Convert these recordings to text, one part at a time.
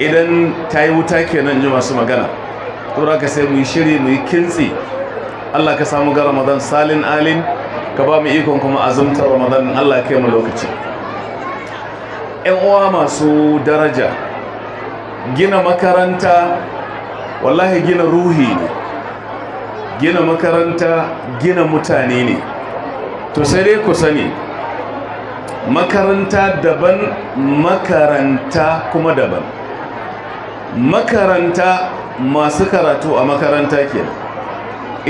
idan ta yi wuta kenan ji masu magana da ka sai mu yi shiri mu yi kintsi Allah ka samu ga Ramadan salin alin ka ba mu ikon kuma azumta Ramadan Allah kai mu lokaci Yan uwa masu daraja gina makaranta wallahi gina ruhi ne gina makaranta gina mutane ne to sai dai ku sani makaranta daban makaranta kuma daban makaranta masu karatu a makaranta ke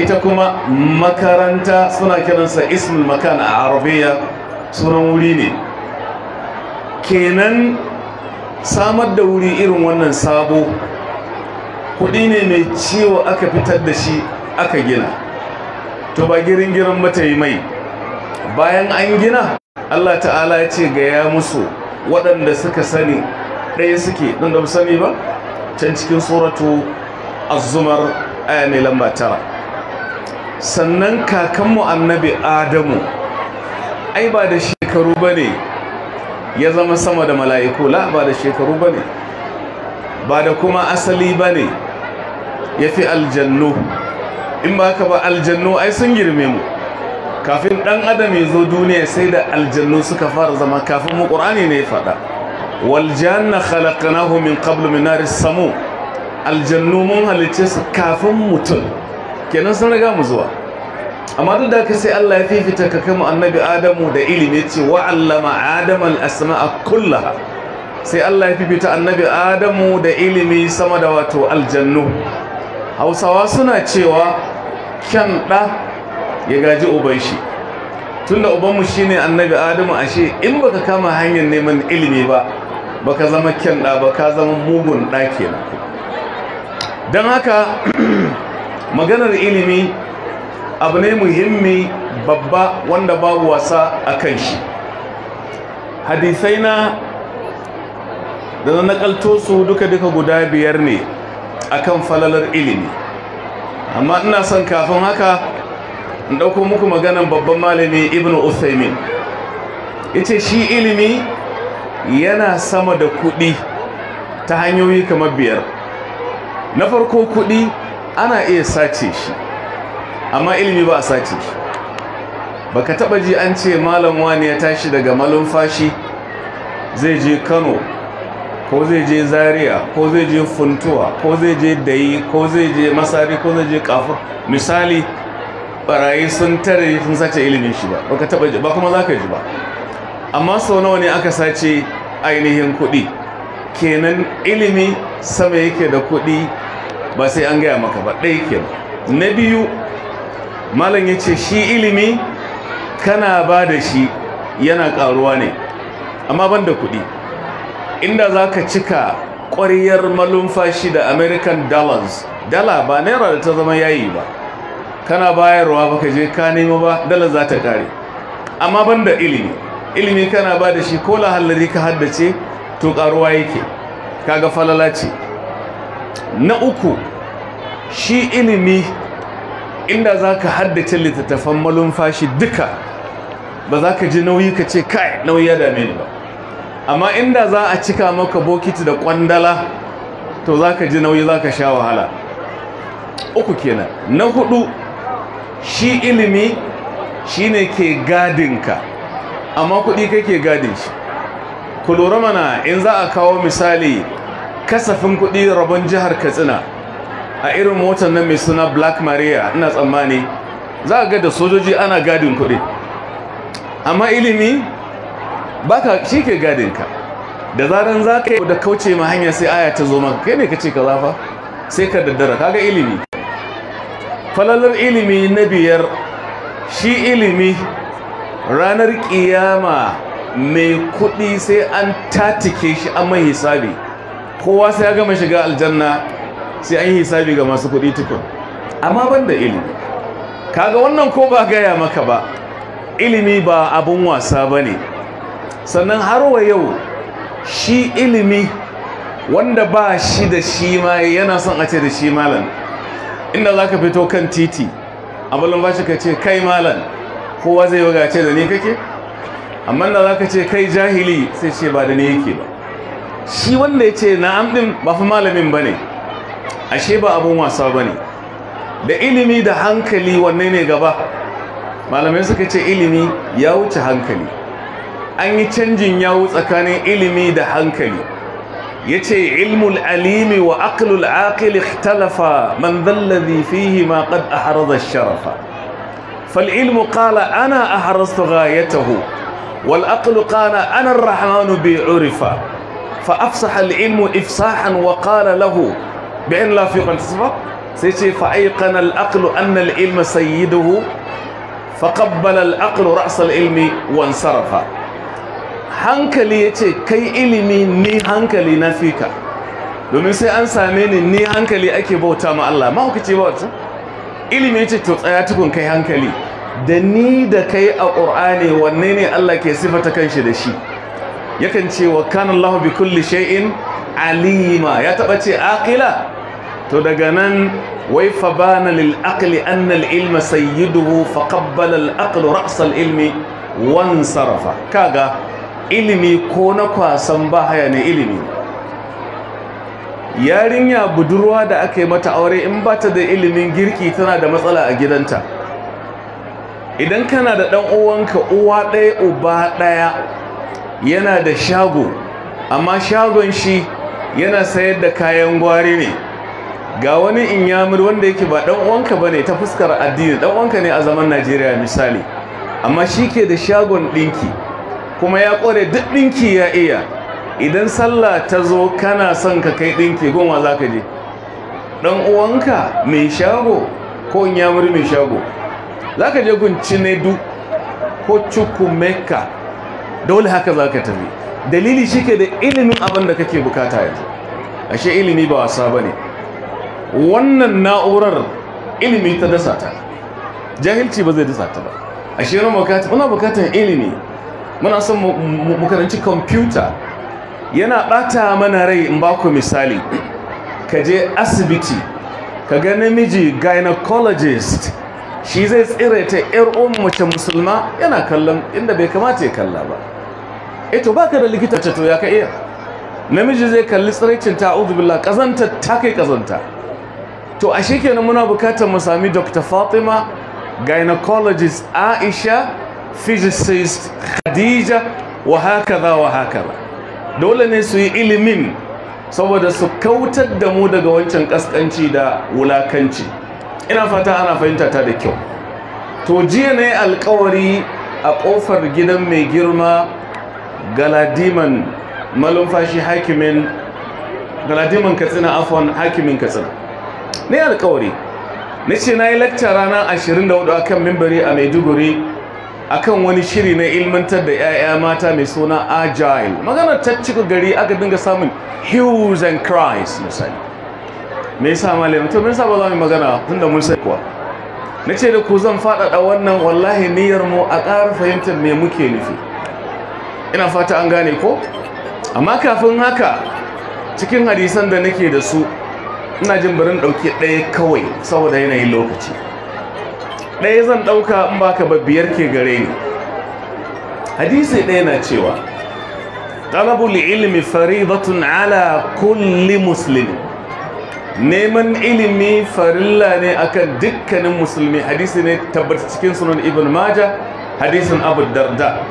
ita kuma makaranta suna kiransa ismul makan a arabiya sunan wuri ne kenan samar da wuri irin wannan sabo kudi ne mai ciwo aka fitar da shi aka gina to ba girin girin mata yi mai bayan an gina allah ta'ala ya ce gaya musu waɗanda suka sani ɗaya suke ɗan da sani ba can cikin suratu azumar aya mai lamba tara sannan kakanmu annabi adamu ai ba da shekaru ba ne ya zama sama da mala'iku la ba da shekaru ba ne ba da kuma asali ba ne ya fi aljannu in ba ka ba aljannu ai sun girme mu kafin ɗan adam ya zo duniya sai da aljannu suka fara zama kafin mu ƙur'ani ne ya faɗa waljanna khalaqnahu min qablu min nari samu aljannu mun halice su kafin mutum kenan sun riga mu zuwa amma duk da ka sai Allah ya fifita ka kama annabi Adamu da ilimi ce wa allama adama al kullaha sai Allah ya fifita annabi Adamu da ilimi sama da wato aljannu Hausawa suna cewa kyan ɗa ya gaji uban shi tunda ubanmu shine annabi Adamu ashe in baka kama hanyar neman ilimi ba ba ka zama kyan ba ka zama mugun ɗaki don haka maganar ilimi abu ne muhimmi babba wanda babu wasa a kan shi hadisai na da na nakalto su duka-duka guda biyar ne akan falalar ilimi amma ina son kafin haka in ɗauko muku maganan babban malami ibn ya ce shi ilimi yana sama da kuɗi ta hanyoyi kamar biyar na farko kuɗi ana iya sace shi amma ilimi ba a sace shi baka taba ji an ce malam wani ya tashi daga fashi. zai je kano ko zai je zaria ko zai je funtuwa ko zai je dayi ko zai je masari ko zai je kafur misali barayi sun tare sun sace ilimin shi ba baka taba ji ba kuma za ka ji ba amma sau nawa ne aka sace ainihin kuɗi kenan ilimi sama yake da kuɗi ba sai an gaya maka ba ɗaya kenan na biyu malam ya ce shi ilimi kana ba da shi yana ƙaruwa ne amma ban da kuɗi inda za ka cika ƙwariyar malumfashi da american dollars dala ba naira da ta zama yayi ba kana bayarwa baka je ka nemo ba dala za ta ƙare amma ban da ilimi ilimi kana ba da shi ko lahallari ka haddace to karuwa yake kaga falala ce na uku shi ilimi inda za ka haddace littattafan malumfashi duka ba za ka ji nauyi ka ce kai nauyi ya dame ni ba amma inda za a cika maka bokiti da kwandala to za ka ji nauyi za ka sha wahala uku kenan na hudu shi ilimi shine ke gadinka amma kuɗi kake gadin shi ku lura mana in za a kawo misali kasafin kuɗi rabon jihar katsina a irin motar nan mai suna black maria ina tsammani za a ga da sojoji ana gadin kuɗi amma ilimi baka shi ke gadin ka da zaren za ka yi da kauce ma hanya sai aya ta zo maka kai ne ka ce ka zafa sai ka daddara kaga ilimi falalar ilimi na biyar shi ilimi ranar ƙiyama mai kuɗi sai an tatike shi an mai hisabi kowa sai ya gama shiga aljanna sai an yi hisabi ga masu kuɗi tukun amma ban da ilimi kaga wannan ko ba gaya maka ba ilimi ba abun wasa ba ne sannan har wa yau shi ilimi wanda ba shi da shi ma yana son a ce da shi malam inda za ka fito kan titi a balon ba shi ka ce kai malam kowa zai yoga ce da ni kake amma da za ka ce kai jahili sai ce ba da ni yake ba shi wanda ya ce na'am ɗin ba fi malamin ba ne ashe ba abin wasa ba ne da ilimi da hankali wanne ne gaba malamai suka ce ilimi ya wuce hankali an yi canjin yawu tsakanin ilimi da hankali ya ce ilmul alimi wa aqlul akili ikhtalafa man dhallazi fihi ma qad da sharafa فالعلم قال أنا أحرزت غايته والأقل قال أنا الرحمن بعرفة فأفصح العلم إفصاحا وقال له بأن لا في قنصفة سيتي فأيقن الأقل أن العلم سيده فقبل الأقل رأس العلم وانصرف hankali ya ce kai ilimi ni hankali na fika domin sai an same ni ni hankali ake bauta ma Allah mahaukaci bauta ilimi ya ce to tsaya tukun kai hankali da ni da kai a ƙur'ani wanne ne Allah ke sifata kanshi da shi yakan ce wa kana Allah bi kulli shay'in alima ya taba ce aqila to daga nan wai fa bana lil aqli annal al ilma sayyiduhu fa qabbala al aqlu ra's al ilmi wansarafa kaga ilimi ko na kwasan ba haya ne ilimi yarinya budurwa da aka yi mata aure in ba ta da ilimin girki tana da matsala a gidanta idan kana da ɗan uwanka uwa ɗaya uba ɗaya yana da shago amma shagon shi yana sayar da kayan gwari ne ga wani inyamur wanda yake ba ɗan uwanka ba ne ta fuskar addini ɗan uwanka ne a zaman najeriya misali amma shi ke da shagon ɗinki kuma ya kware duk ɗinki ya iya idan sallah ta zo kana son ka kai ke goma za ka je ɗan uwanka mai shago ko in yamuri mai shago za ka je ne duk ko cikin cukumeka dole haka za ka tafi dalili shi da ilimin abin da kake bukata yanzu ashe ilimi ba wasa ba ne wannan na'urar ilimi ta dasa ta jahilci ba zai dasa ta ba ashe muna bukatan ilimi muna son mu karanci kwamfuta yana ɓata mana rai in ba ku misali ka je asibiti ka ga namiji gynecologist shi zai tsire ta yar mace musulma yana kallon inda bai kamata ya kalla ba eh to baka da likita ce to ya ka iya namiji zai kalli tsiraicin ta billah kazanta ta kai kazanta to ashe kenan muna bukatar mu sami Dr. Fatima gynecologist Aisha physicist Khadija wa hakaza wa hakaza dole ne su yi ilimin saboda su kautar da mu daga wancan kaskanci da wulakanci ina fata ana fahimta ta da kyau to jiya ne alkawari a kofar gidan mai girma galadiman malumfashi hakimin galadiman katsina afon hakimin katsina ne alkawari na ce na yi lakta ranar 24 kan mimbari a maiduguri akan wani shiri na ilmantar da 'ya'ya mata mai suna agile magana ta cika gari aka dinga samun "Hills and cries misali me yasa malamin to min yasa ba za mu magana tunda mun sai kuwa na ce da ku zan faɗaɗa wannan wallahi niyyar mu a ƙara fahimtar me muke nufi ina fata an gane ko amma kafin haka cikin hadisan da nake da su ina jin barin ɗauki ɗaya kawai saboda yanayin lokaci ɗaya zan ɗauka in baka ba biyar ke gare ni hadisi ɗaya na cewa ilimi ilmi faridatun ala kulli musulmi, neman ilimi farilla ne akan dukkanin musulmi hadisi ne tabbata cikin sunan ibn maja hadisin abu darda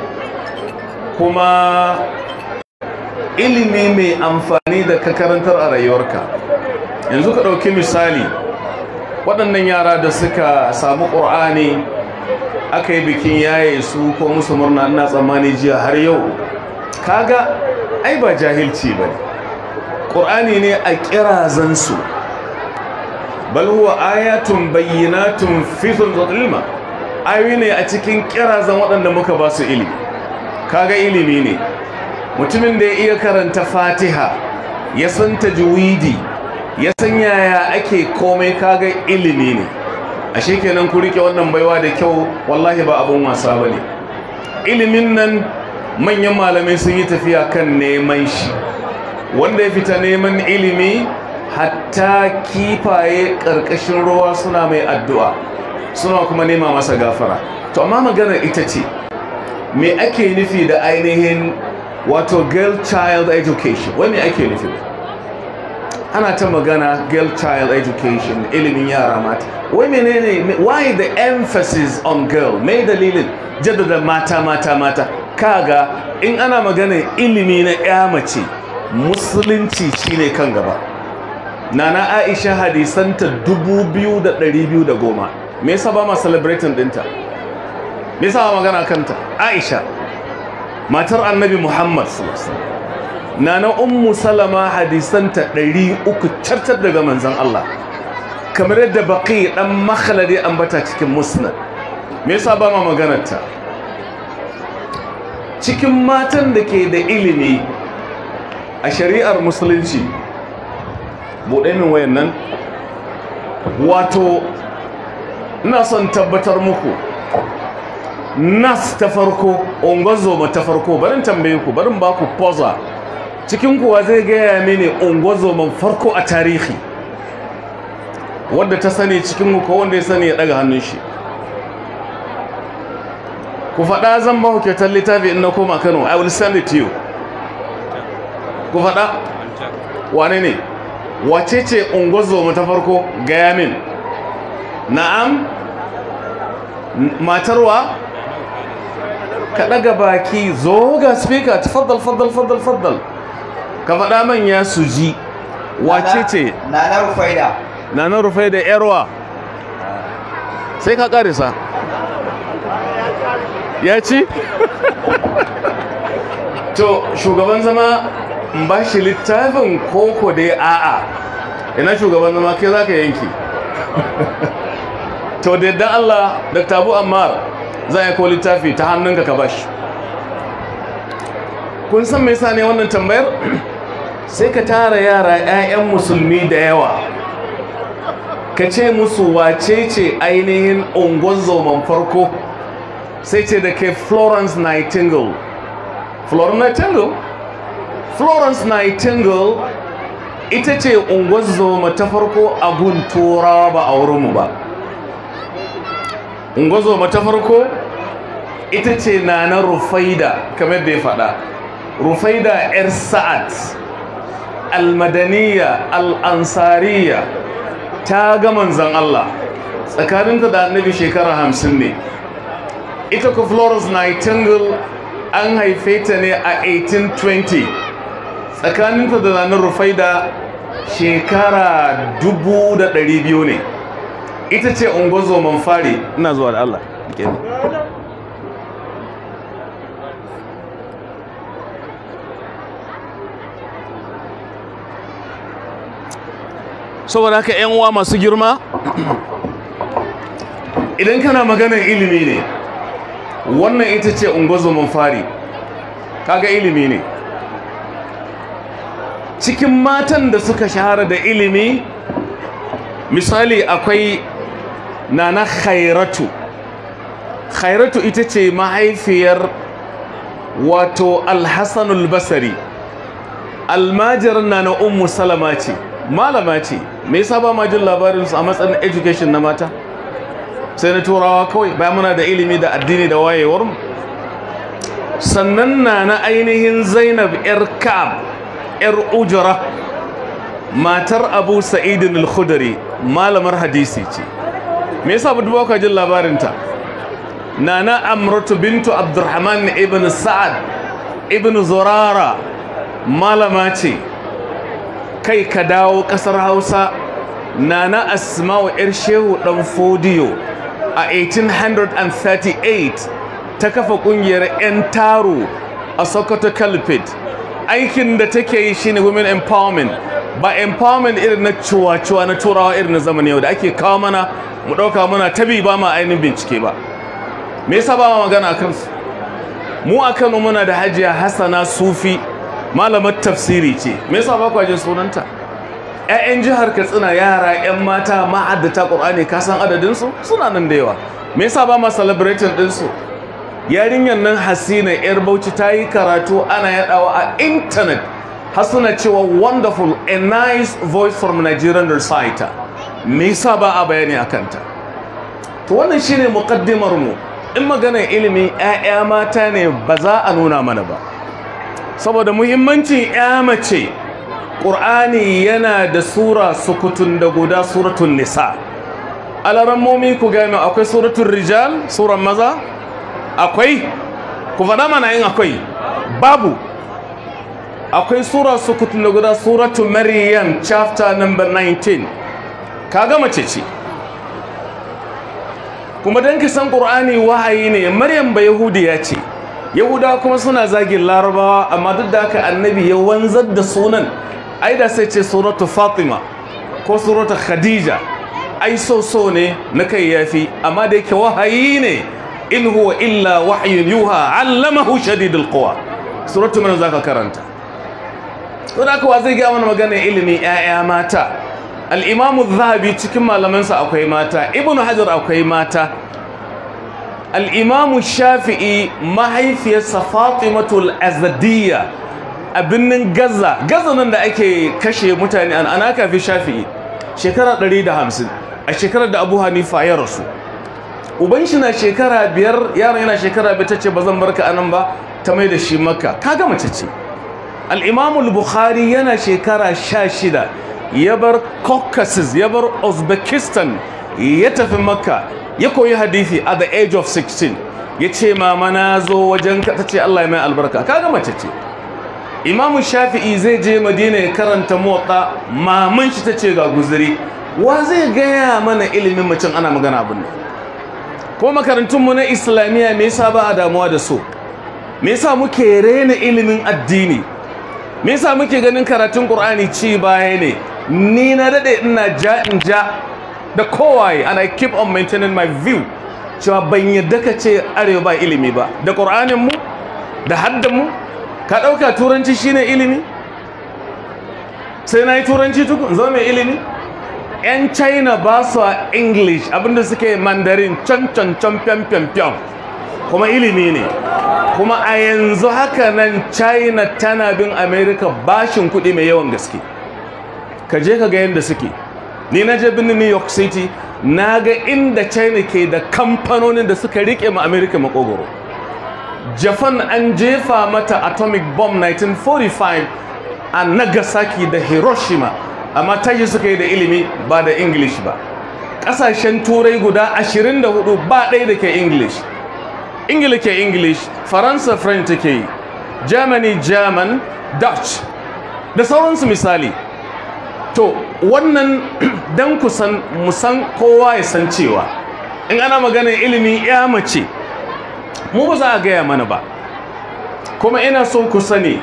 kuma ilimi mai amfani da kakarantar a rayuwarka yanzu ka ɗauki misali waɗannan yara da suka samu ƙur'ani aka yi bikin yaye su ko musu murna ina tsammani jiya har yau kaga ai ba jahilci ba ne ƙur'ani ne a ƙirazansu bal huwa ayatun bayyanatun fifin ilma ayoyi ne a cikin ƙirazan waɗanda muka ba su ilimi kaga ilimi ne mutumin da ya iya karanta fatiha ya san juwidi ya san yaya ake komai kaga ilimi ne ashe kenan ku rike wannan baiwa da kyau wallahi ba abun wasa bane ilimin nan manyan malamai sun yi tafiya kan neman shi wanda ya fita neman ilimi hatta kifaye ƙarƙashin ruwa suna mai addu'a suna kuma nema masa gafara to amma maganar ita ce me ake nufi da ainihin wato girl child education wani ake nufi da ana ta magana girl child education ilimin yara mata wai menene why the emphasis on girl mai dalilin jaddada mata mata mata kaga in ana magana ilimi na ya mace musulunci shine kan gaba nana aisha hadisanta 2210 me yasa ba ma celebrating dinta me yasa ba magana kanta aisha matar annabi muhammad sallallahu alaihi wasallam na ummu salama hadisanta ɗari uku cartar daga manzan Allah kamar yadda baƙi ɗan makhalade bata cikin musnad me yasa ba ma maganarta cikin matan da ke da ilimi a shari'ar musulunci buɗe min wayan nan wato ina son tabbatar muku nas ta farko ungozoma ta farko barin tambaye ku barin ba ku poza cikin kuwa zai gaya mini ungozoman farko a tarihi wadda ta sani cikin ko wanda ya sani ya daga hannun shi ku faɗa zan ba hukyautar littafi in na koma kano i will send it to you ku faɗa wane ne wace ce ungozoma ta farko gaya min na'am matarwa ka daga baki zo ga speaker tafaddal faddal faddal faddal ka faɗa ya su ji wace ce nana rufaida nana rufaida erwa sai ka ƙarisa ya ci to shugaban zama ba shi littafin koko dai a'a ina shugaban zama ke za ka yanki to da yadda Allah da tabu ammar za yi ko littafi ta hannunka ka bashi kun san me yasa ne wannan tambayar sai ka tara yara 'ya'yan musulmi da yawa ka ce musu wace ce ainihin ungon zoman farko sai ce da ke florence nightingale florence nightingale florence nightingale ita ce ungon zoma ta farko a turawa ba a wurinmu ba ungon zoma ta farko ita ce na na rufaida kamar da ya rufaida 'yar sa'ad almadaniya al'ansariya ta ga manzan Allah tsakaninta da annabi shekara hamsin ne ita ku florence nightingale an haife ta ne a 1820 tsakaninta da zanen da shekara biyu ne ita ce ungozo manfari ina zuwa da Allah saboda haka yan uwa masu girma idan kana maganar ilimi ne wannan ita ce ungozomin fari kaga ilimi ne cikin matan da suka shahara da ilimi misali akwai nana khairatu khairatu ita ce mahaifiyar wato alhassanul basari na nana umu salama ce malama ce me yasa ba ma jin su a matsayin education na mata sai na turawa kawai bayan muna da ilimi da addini da wayewar mu sannan na na ainihin zainab yar ka'ab yar ujura matar abu sa'idin al malamar hadisi ce me yasa ba duba jin labarinta nana amratu bintu abdurrahman ibn sa'ad ibn zurara malama ce kai ka dawo kasar hausa nana asma'u yar shehu dan fodiyo a 1838 ta kafa kungiyar yan taro a sokoto calpit aikin da take yi shine women empowerment ba empowerment irin na cuwa-cuwa na turawa irin na zamani yau da ake kawo mana mu ɗauka muna tabi ba ma ainihin bincike ba me yasa ba magana a kansu mu a kano muna da hajiya hassana sufi malamar tafsiri ce me yasa ba ku jin sunanta 'ya'yan jihar katsina yara 'yan mata ma'adata ƙur'ani ka san adadinsu suna nan da yawa me yasa ba ma celebrating ɗinsu yarinyar nan hasina yar bauchi ta yi karatu ana yaɗawa a intanet har suna cewa wonderful a nice voice from nigerian reciter me yasa ba a bayani a kanta to wannan shine muqaddimar mu in maganar ilimin 'ya'ya mata ne ba za a nuna mana ba saboda muhimmancin 'ya mace ƙur'ani yana da sura sukutun da guda suratul nisa alarammomi ku gano akwai suratul rijal suran maza akwai ku faɗa mana yin akwai babu akwai sura sukutun da guda suratul maryam chapter number 19 kaga mace ce kuma don san ƙur'ani wahayi ne maryam ba yahudiya ce yahudawa kuma suna zagin larabawa amma duk da haka annabi ya wanzar da sunan ai da sai ce suratu fatima ko suratu khadija ai so so ne na kai yafi amma da yake wahayi ne in huwa illa wahyin yuha allamahu shadid alquwa suratu man zaka karanta to da kuwa zai ga mana magana ilimi ƴaƴa mata al-imam adh-dhahabi cikin malamansa akwai mata ibnu hajar akwai mata al-imam shafi'i mahaifiyarsa fatimatul azadiyya a birnin gaza gaza nan da ake kashe mutane an ana kafi shafi'i shekara 150 a shekarar da abu hanifa ya rasu uban shi na shekara biyar yaron yana shekara biyar ta ce ba zan ka anan ba ta mai da shi maka. Ka ga mace ce al'imamul bukhari yana shekara sha shida ya bar caucasus ya bar uzbekistan ya tafi makka ya koyi hadithi at the age of 16 ya ce mama na zo wajen ka ta ce allah ya mai albarka Ka ga mace ce imamu shafi'i zai je madina ya karanta motsa maman shi ta ce ga guzuri wa zai gaya mana ilimin mutum ana magana abin nan ko makarantunmu na islamiyya me yasa ba a damuwa da su? me yasa muke rena ilimin addini me yasa muke ganin karatun qur'ani ci baya ne ni na daɗe ina ja in ja da kowaye and i keep on maintaining my view cewa ban yadda ka ce arewa ba ilimi ba da qur'anin mu da haddan mu ka ɗauka turanci shine ilimi sai na yi turanci tuku zo mai ilimi 'yan china ba su a english abinda suke mandarin can can can kuma ilimi ne kuma a yanzu haka nan china tana bin america bashin kuɗi mai yawan gaske ka je ka ga yadda suke ni na je birnin new york city na ga inda china ke da kamfanonin da suka rike ma america makogoro japan an jefa mata atomic bomb 1945 a nagasaki da hiroshima amma ta yi suka yi da ilimi ba da english ba ƙasashen turai guda 24 ba ɗaya da ke english ingila ke english faransa french take yi germany german dutch da sauransu misali to wannan dan kusan musan kowa ya san cewa in ana maganar ilimi ya mace mu ba za a gaya mana ba kuma ina so ku sani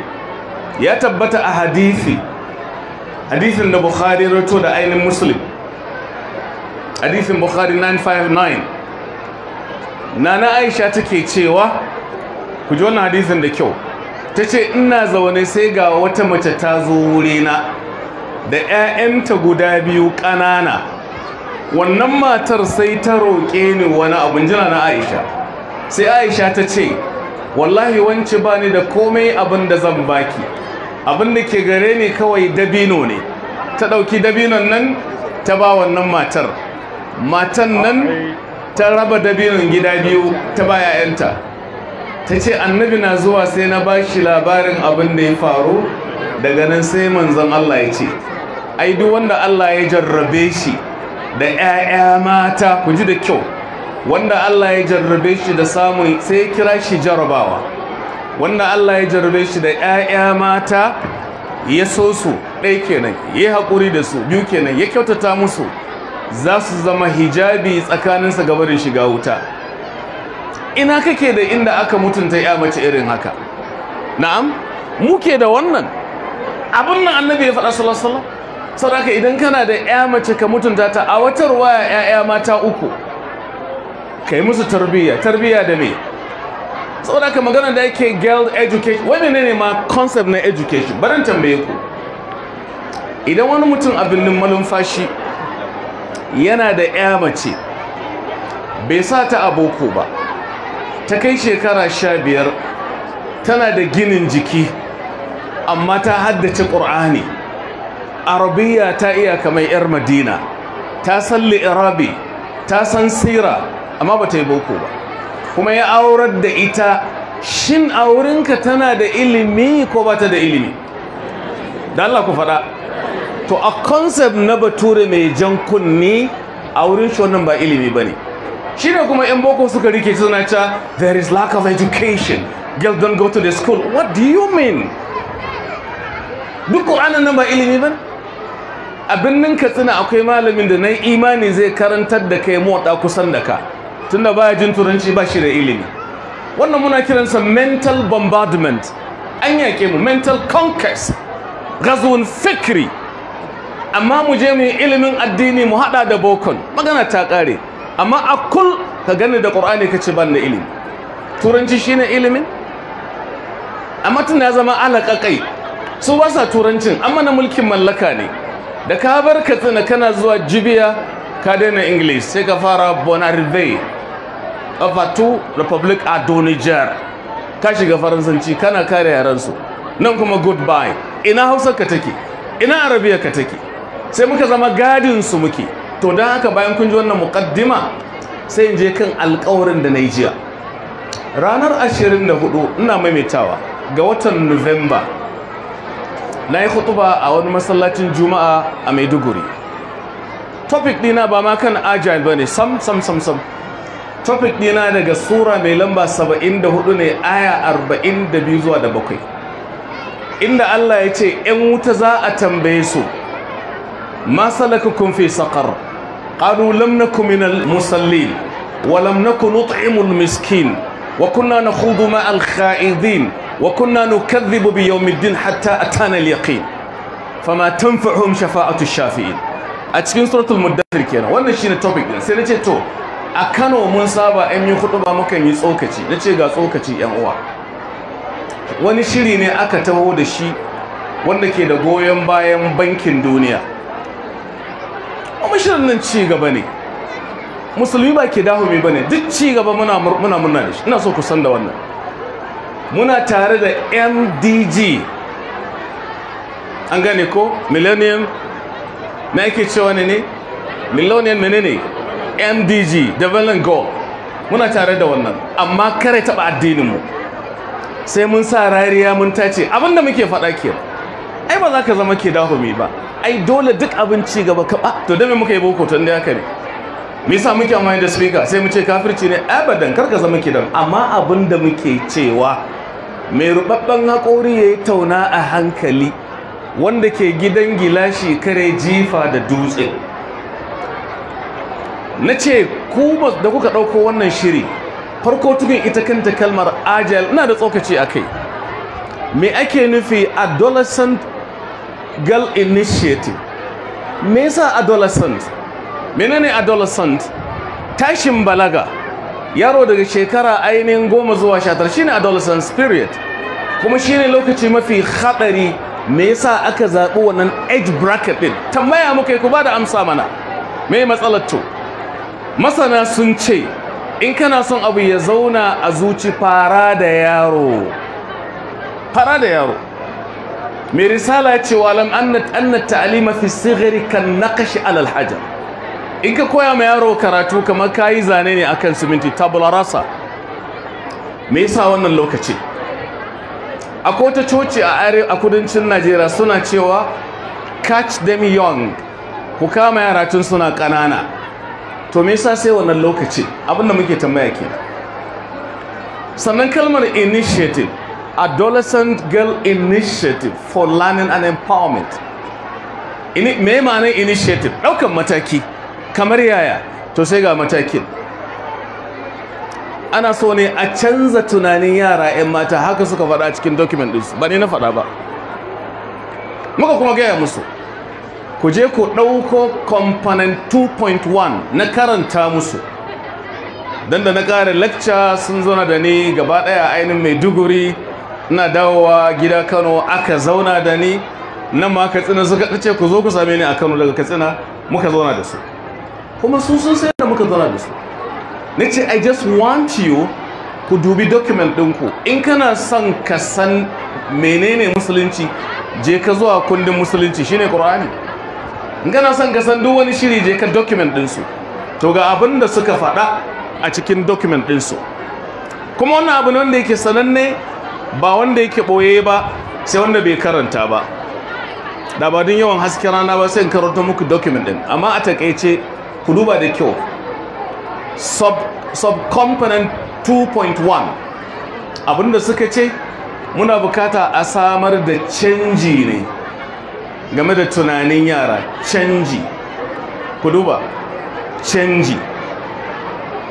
ya tabbata a hadithi hadithin da bukhari rato da ainihin muslim hadithin bukhari 959 na na aisha take cewa ku ji wannan hadithin da kyau ta ce ina zaune sai ga wata mace ta zo wurina da 'ya'yanta guda biyu ƙanana wannan matar sai ta roƙe ni wani abin jina na aisha sai aisha ta ce wallahi wance ba ni da komai abin da zan baki abin da ke gare ni kawai dabino ne ta ɗauki dabinon nan ta ba wannan matar matan nan ta raba dabinon gida biyu ta ba 'ya'yanta ta ce annabi na zuwa sai na ba shi labarin abin da ya faru daga nan sai manzon Allah ya ce ai duk wanda Allah ya jarrabe shi da 'ya'ya mata ku ji da kyau wanda Allah ya jarrabe shi da samun sai kira shi jarrabawa, wanda Allah ya jarrabe shi da 'ya'ya mata ya so su ɗaya kenan ya haƙuri da su biyu kenan ya kyautata musu za su zama hijabi tsakaninsa gaba da shiga wuta ina kake da inda aka mutunta ya mace irin haka na'am muke da wannan abin nan annabi ya faɗa sallallahu alaihi wasallam idan kana da ya mace ka mutunta ta a watarwa waya 'ya'ya mata uku Kai musu tarbiyya tarbiyya da me saboda ka magana da yake girl education wani ne ne ma concept na education barin tambaye ku idan wani mutum a birnin malumfashi yana da ya mace bai sa ta aboko ba ta kai shekara sha biyar tana da ginin jiki amma ta haddace ƙur'ani arabiya ta iya kamar 'yar madina ta san irabi ta san sira amma ba ta yi boko ba kuma ya aurar da ita shin aurinka tana da ilimi ko ba ta da ilimi da Allah ku faɗa to a concept na bature mai jan kunni wurin shi wannan ba ilimi ba ne shi ne kuma 'yan boko suka rike suna ca there is lack of education girl don't go to the school what do you mean duk ƙuranin nan ba ilimi ba Abin birnin katsina akwai malamin da na imani zai karantar da kai mota kusan da ka tunda baya jin turanci ba shi da ilimi wannan muna kiransa mental bombardment an yake mu mental conquest gazun fikri amma mu je mu ilimin addini mu hada da bokon magana ta kare amma a kul ka gani da qur'ani ka ce ban da ilimi turanci shine ilimin amma tun ya zama alaƙaƙai su wasa turancin amma na mulkin mallaka ne da ka bar katsina kana zuwa jibiya ka daina english sai ka fara bonarve kafa republic a Niger ka shiga faransanci kana kare yaransu nan kuma goodbye ina hausa ka take ina arabiya ka take sai muka zama gadin su muke to dan haka bayan kun ji wannan mukaddima sai in je kan alƙawarin da Nigeria ranar 24 ina maimaitawa ga watan November na yi khutuba a wani masallacin Juma'a a Maiduguri topic dina ba ma kan agile bane sam sam sam sam topic dina daga sura mai lamba 74 ne aya 42 zuwa da bakwai inda Allah ya ce ‘yan wuta za a tambaye su masalaka kun fi saƙar ƙaru lamnaku minal musallin wa lamnaku nut'imul miskin wa kunna na hudu ma kha'idin wa kunna nukadhibu bi yawmiddin hatta a al-yaqin fama tanfa'uhum shafa'atu shafi'in a cikin suratul muddathir kenan wannan ne topic sai sai ce to a Kano mun saba an yi hudu ba mukan yi tsokaci na ce ga tsokaci yan uwa wani shiri ne aka taho da shi wanda ke da goyon bayan bankin duniya kuma shirin nan ci gaba ne musulmi ba ke dahumi ba ne duk ci gaba muna muna da shi ina so ku san da wannan muna tare da mdg an gane ko millennium na yake cewa ne ne millennium menene ne mdg development goal muna tare da wannan amma kare taɓa addininmu sai mun sa rariya mun tace abin da muke faɗa ke ai ba za ka zama ke dahumi ba ai dole duk abin gaba ka ba to dame muka yi boko tun da haka ne me yasa muke amma da speaker sai mu ce kafirci ne abadan kar ka zama kidan amma abin da muke cewa mai rubabban haƙori ya yi tauna a hankali wanda ke gidan gilashi kare jifa da dutse na ce ku da kuka ɗauko wannan shiri farko tukun ita kanta kalmar agile ina da tsokaci a kai me ake nufi adolescent girl initiative me yasa adolescent menene adolescent tashin balaga yaro daga shekara ainihin goma zuwa shatar shine adolescent spirit kuma shine lokaci mafi haɗari me yasa aka zaɓi wannan age bracket ɗin tambaya muka yi ku ba da amsa mana me matsalar to masana sun ce in kana son abu ya zauna a zuci fara da yaro fara da yaro mai risala ce wa lam ta'ali ta'alima sigari kan naqashi alal hajar in ka koya ma yaro karatu kamar kayi zane ne akan siminti tabula rasa me yasa wannan lokaci akwai wata coci a a kudancin Najeriya suna cewa catch them young ku kama yara tun suna ƙanana to me yasa sai wannan lokaci abinda muke tambaya ke sannan kalmar initiative adolescent girl initiative for learning and empowerment me ma'anar initiative ɗaukan mataki kamar yaya to sai ga matakin ana so ne a canza tunanin yara 'yan mata haka suka faɗa cikin document ɗinsu ba ne na faɗa ba muka kuma gaya musu ku je ku ɗauko component 2.1 na karanta musu don da na ƙara lecture sun zauna da ni gaba ɗaya ainihin maiduguri ina dawowa gida kano aka zauna da ni nan ma katsina suka ce ku zo ku same ni a kano daga katsina muka zauna da su kuma sun sun sai da muka zauna da su na ce i just want you ku dubi document ɗinku in kana son ka san menene musulunci je ka zuwa kundin musulunci shine ƙur'ani gana san ka san duk wani shiri je kan document ɗinsu to ga abin da suka faɗa a cikin document ɗinsu kuma wannan abu ne wanda yake sananne ba wanda yake ɓoye ba sai wanda bai karanta ba da ba don yawan hasken rana ba sai in karanta muku document ɗin amma a takaice ku duba da kyau sub subcomponent 2.1 abinda suka ce muna bukata a samar da canji ne game da tunanin yara canji ku duba canji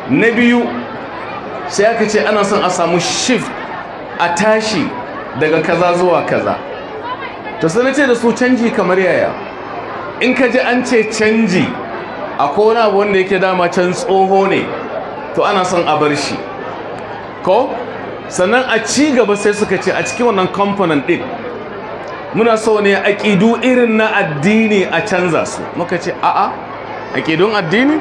na biyu sai aka ce ana son a samu shift a tashi daga kaza zuwa kaza to sai ce da su canji kamar yaya in ka ji an ce canji a kona abu wanda yake dama can tsoho ne to ana son a bar shi ko sannan a ci gaba sai suka ce a cikin wannan component ɗin. muna so ne a aƙidu irin na addini a canza su muka ce a'a aƙidun addini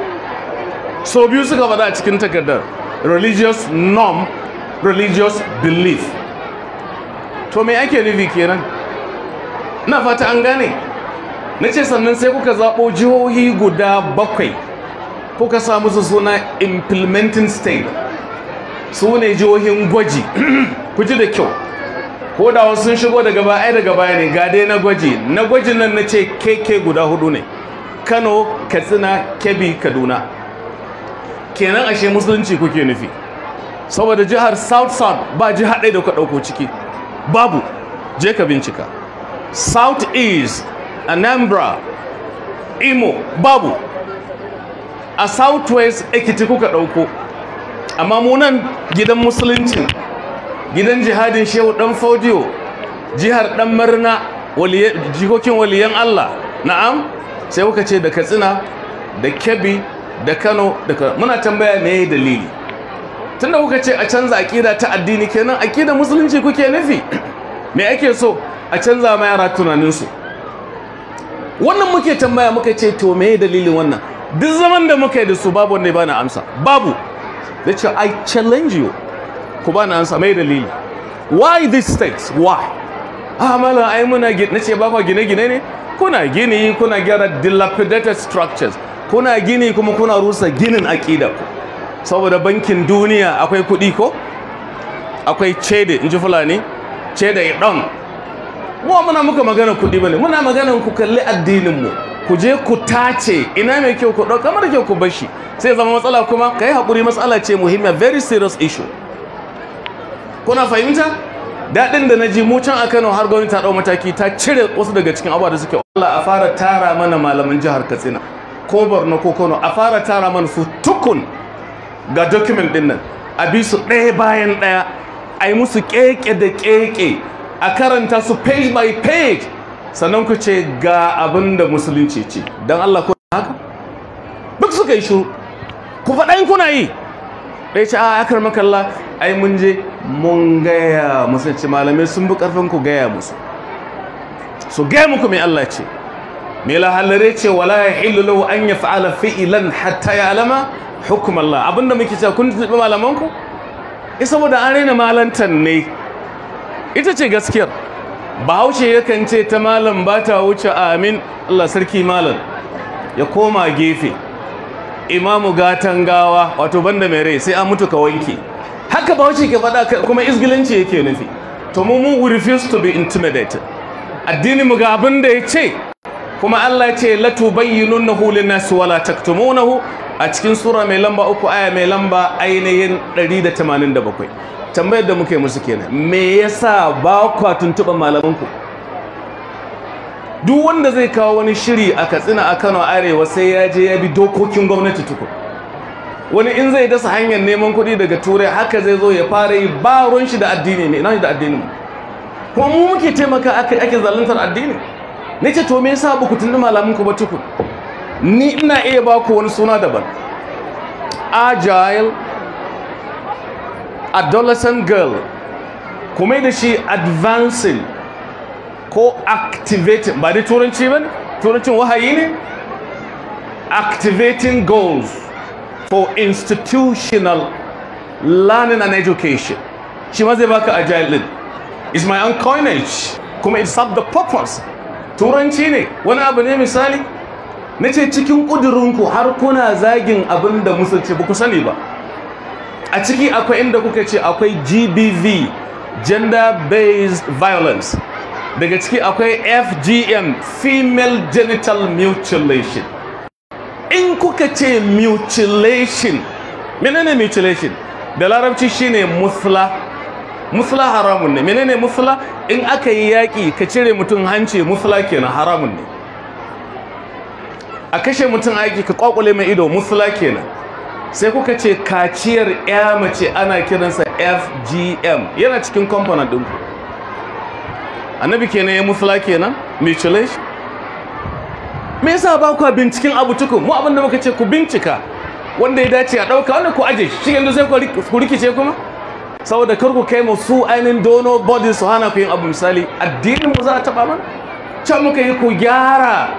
so biyu suka faɗa a cikin takardar religious norm religious belief to me ake nufi kenan na fata an gane na ce sannan sai kuka zaɓo jihohi guda bakwai kuka samu su suna implementing state su ne jihohin gwaji ku ji da kyau ko da wasu sun shigo daga baya ai daga baya ne ga dai na gwaji na gwajin nan na ce keke guda hudu ne kano katsina kebbi kaduna kenan ashe musulunci kuke nufi saboda jihar south south ba jiha ɗaya da ku ɗauko ciki babu je ka bincika south east anambra imo babu a South West ekiti kuka ɗauko amma munan gidan musulunci gidan jihadin shehu dan fodiyo jihar dan marna jihokin waliyan allah na'am sai kuka ce da katsina da kebbi da kano da kano muna tambaya me dalili tunda kuka ce a canza akida ta addini kenan aƙida musulunci kuke nufi me ake so a canza ma yara tunaninsu wannan muke tambaya muka ce to me dalilin wannan duk zaman da muka yi da su babu wanda ya bani amsa babu da ce i challenge you ku bani ansa mai dalili why these states why ah mala ai muna nace ba ba gine gine ne kuna gini kuna gyara dilapidated structures kuna gini kuma kuna rusa ginin aƙida ku saboda bankin duniya akwai kuɗi ko akwai cede in ji fulani cede idon mu muna muka magana kuɗi bane muna magana ku kalli addinin mu ku je ku tace ina mai kyau ku ɗauka mara kyau ku bashi sai zama matsala kuma kai haƙuri matsala ce muhimmiya very serious issue kuna fahimta daɗin da na ji mu can a Kano har gwamnati ta dau mataki ta cire wasu daga cikin abubuwa da suke Allah a fara tara mana malaman jihar Katsina ko Borno ko Kano a fara tara mana su tukun ga document ɗinnan? nan a bi su ɗaya bayan ɗaya a yi musu ƙeƙe da ƙeƙe, a karanta su page by page sannan ku ce ga abin da musulunci ce don Allah ko haka duk suka yi shiru ku faɗa in kuna yi ɗaya ce a akar makalla ai mun je mun gaya musu ce malamai sun bi ku gaya musu su gaya muku mai Allah ce mai lahallare ce wala ya hillu an ya fa'ala fi'ilan hatta ya alama hukum Allah abinda muke cewa kun tuɓi malamanku ya eh, saboda an raina malantan ne ita ce gaskiyar bahaushe yakan ce ta malam ba ta wuce amin Allah sarki malam ya koma gefe imamu gatan gawa wato banda mai rai sai an mutu ka wanke haka ba wacce ke faɗa kuma izgilanci yake nufi to mu mu we refuse to be intimidated addini mu ga abin da ya kuma Allah ya ce la tubayyinunahu nas wala taktumunahu a cikin sura mai lamba uku aya mai lamba ainihin 187 tambayar da muke musu kenan me yasa ba ku tuntuɓa malamanku duk wanda zai kawo wani shiri a katsina a kano arewa sai ya je ya bi dokokin gwamnati tuku wani in zai dasa hanyar neman kuɗi daga turai haka zai zo ya fara yi baron shi da addini ne ina shi da addini ko mu muke taimaka ake zaluntar addini ne ce to me yasa buku ku tunda malamin ku ba tuku ni ina iya ba ku wani suna daban agile adolescent girl kuma da shi advancing ko activating ba da turanci ba ne turancin wahayi ne activating goals for institutional learning and education shi ma zai baka agile din is my own coinage kuma it's up the purpose turanci ne wani abu ne misali na ce cikin ƙudurinku har kuna zagin abin da musulci ba ku sani ba a ciki akwai inda kuka ce akwai gbv gender based violence daga ciki akwai FGM female genital mutilation in kuka ce mutilation menene mutilation da larabci shine musla musla haramun ne menene musla in aka yi yaƙi ka cire mutum hanci musla kenan haramun ne a kashe mutum aiki ka kwakwale mai ido musla kenan sai kuka ce kaciyar ya mace ana kiransa FGM yana cikin component ɗinku annabi kenan ya musula kenan mutilation me yasa ba ku binciken abu tukun mu abin da muka ce ku bincika wanda ya dace a ɗauka wanda ku aje shi yanzu sai ku rikice kuma saboda kar ku kai mu su ainihin dono body su hana ku yin abu misali addinin mu za a taɓa mana can muka yi ku gyara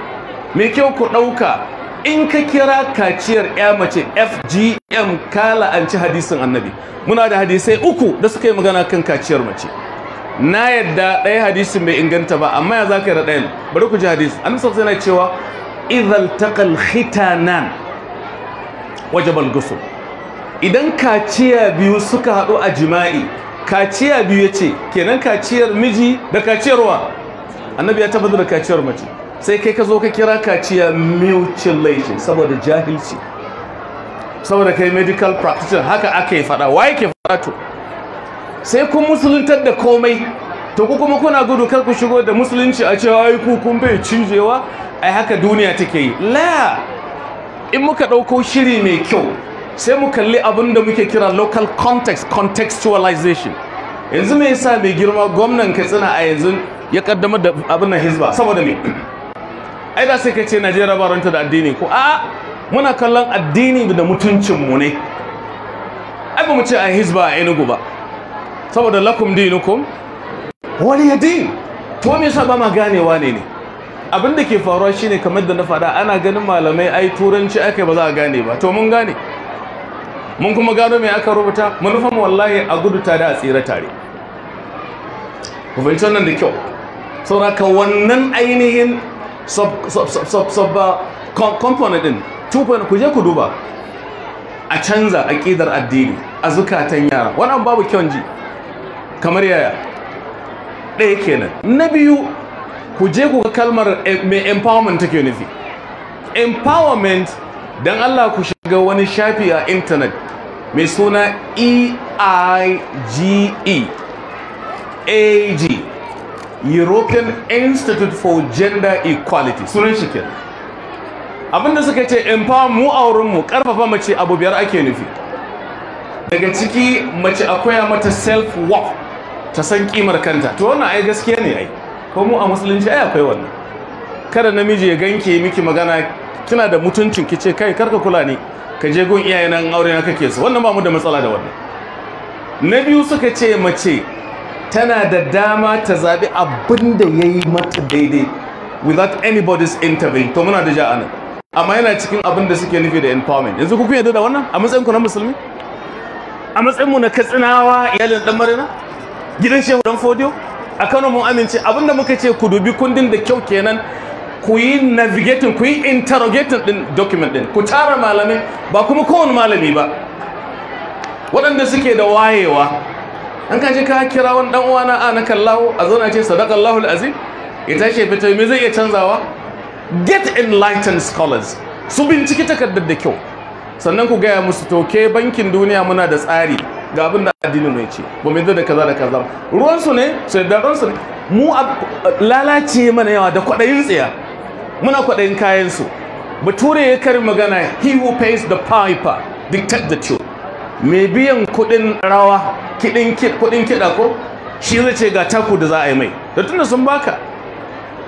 me kyau ku ɗauka in ka kira kaciyar ya mace fgm kala an ci hadisin annabi muna da hadisai uku da suka yi magana kan kaciyar mace na yadda ɗaya hadisin bai inganta ba amma ya za ka yi ɗayan bari ku ji hadis an sa na cewa idan takal nan wajabal balgusu. idan kaciya biyu suka haɗu a jima'i kaciya biyu ya ce kenan kaciyar miji da kaciyarwa annabi ya tabbatar da kaciyar mace sai kai ka zo ka kira kaciya laifin saboda jahilci saboda kai medical practitioner haka aka yi faɗa wa yake faɗa to sai kun musuluntar da komai to ku kuma kuna gudu kar ku shigo da musulunci a cewa ai ku kun bai cinjewa ai haka duniya take yi la in muka ɗauko shiri mai kyau sai mu kalli abin da muke kira local context contextualization yanzu me yasa mai girma gwamnan katsina a yanzu ya kaddama da abin nan hizba saboda me ai da sai kace Najeriya ba ranta da addini ko a muna kallon addini da mutuncin mu ne ai ba mu ce a hizba a Enugu ba saboda lakum dinukum wani din? to me yasa ba ma ganewa ne ne abin da ke faruwa shine kamar da na faɗa ana ganin malamai ai turanci aka ba za a gane ba to mun gane mun kuma gano me aka rubuta manufan wallahi a gudu tare a tsira tare ku fahimci wannan da kyau ka wannan ainihin sub component din ku je ku duba a canza aƙidar addini a zukatan yara wannan babu kyan ji kamar yaya ɗaya kenan na biyu ku je ku ga kalmar mai empowerment take nufi empowerment don Allah ku shiga wani shafi a intanet mai suna EIGE AG European Institute for Gender Equality sunan shi kenan abinda suka ce empower mu a wurinmu karfafa mace abu biyar ake nufi daga ciki mace akwai mata self worth ta san kimar kanta to wannan ai gaskiya ne ai ko mu a musulunci ai akwai wannan kada namiji ya ganke miki magana kina da mutuncin ki ce kai karka kula ne ka je gun iyayen nan aure na kake su wannan ba mu da matsala da wannan na biyu suka ce mace tana da dama ta zabi abin da yayi mata daidai without anybody's intervention to muna da ja anan amma yana cikin abin da suke nufi da empowerment yanzu ku kun yarda da wannan a matsayin ku na musulmi a matsayin mu na katsinawa iyalin dan marina gidan shehu dan fodiyo a kano mun amince abinda muka ce ku dubi kundin da kyau kenan ku yi navigating ku yi interrogating din document din ku tara malami, ba kuma kowane malami ba waɗanda suke da wayewa an kaje ka kira wani dan na a na kallawo a zauna ce sadaqallahu alazim ya tashi fito me zai iya canzawa get enlightened scholars su binciki takardar da kyau sannan ku gaya musu to ke bankin duniya muna da tsari ga abin da addinin mai ce ba mai da kaza da kaza ruwansu ne sai da ruwansu ne mu lalace mana yawa da kwaɗayin tsaya. muna kwaɗayin kayansu bature ya kari magana he who pays the piper dictate the tune mai biyan kuɗin rawa kuɗin kiɗa ko shi zai ce ga taku da za a yi mai da tunda sun baka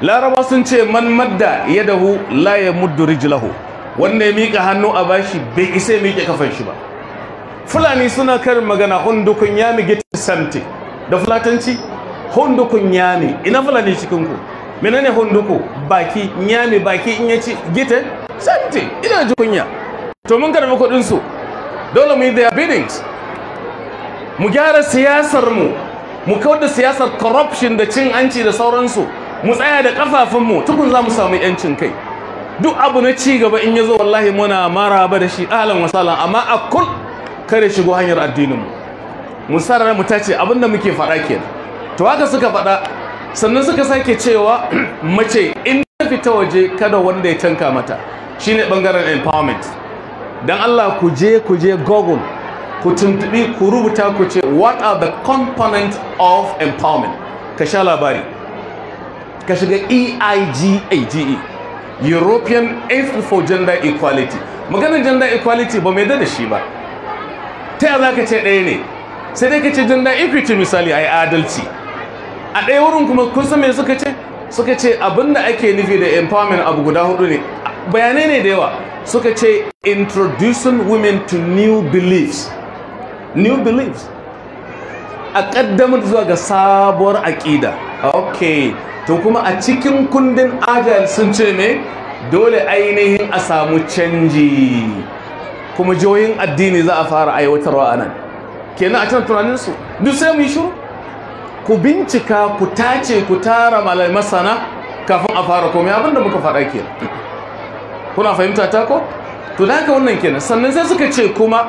laraba sun ce man madda yadahu la ya muddu rijlahu wanda ya miƙa hannu a bashi bai isa ya miƙe kafan shi ba fulani suna karin magana hundukun mi get something da fulatanci hundukun mi ina fulani cikin ku menene hunduku baki mi baki in ci get something ina ji kunya to mun karbi kuɗin su dole mu yi their biddings mu gyara siyasar mu mu kawar da siyasar corruption da cin hanci da sauransu mu tsaya da kafafunmu tukun za mu samu 'yancin kai duk abu na ci gaba in yazo wallahi muna maraba da shi ahlan wa sahlan amma akul kare shigo hanyar addinin mu mun mu tace abinda muke faɗa kenan to haka suka faɗa sannan suka sake cewa mace in ta fita waje kada wanda ya tanka mata shine bangaren empowerment dan Allah ku je ku je Google ku tuntubi ku rubuta ku ce what are the components of empowerment ka sha labari ka shiga EIGAGE european aid for gender equality maganar gender equality ba mai da shi ba ta yaya za ka ce ɗaya ne sai dai ka ce gender equity misali a yi adalci a ɗaya wurin kuma kusa mai suka ce suka ce abinda ake nufi da empowerment abu guda hudu ne bayanai ne da yawa suka ce introducing women to new beliefs new beliefs a ƙaddamar zuwa ga sabuwar aƙida ok to kuma a cikin kundin ajiyar sun ce me dole ainihin a samu canji kuma jihohin addini za a fara aiwatarwa a nan kenan a can tunaninsu duk sai mu yi shuru. ku bincika ku tace ku tara malai masana kafin a fara komai abinda muka faɗa kenan kuna fahimta ta ko to da wannan kenan sannan sai suka ce kuma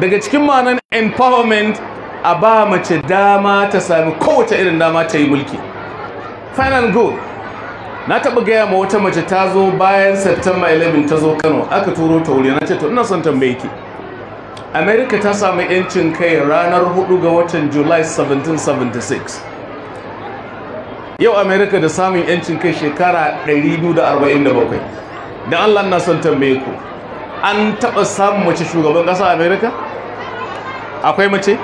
daga cikin ma'anar empowerment a ba mace dama ta sami kowace irin dama ta yi mulki final goal na taɓa gaya ma wata mace ta zo bayan september 11 ta zo kano aka turo ta wuri na ce to ina son tambaye ki america ta samu yancin kai ranar 4 ga watan july 1776 yau america da samun yancin kai shekara 247 don allah na son tambaye ku an taɓa samun mace shugaban ƙasa america akwai mace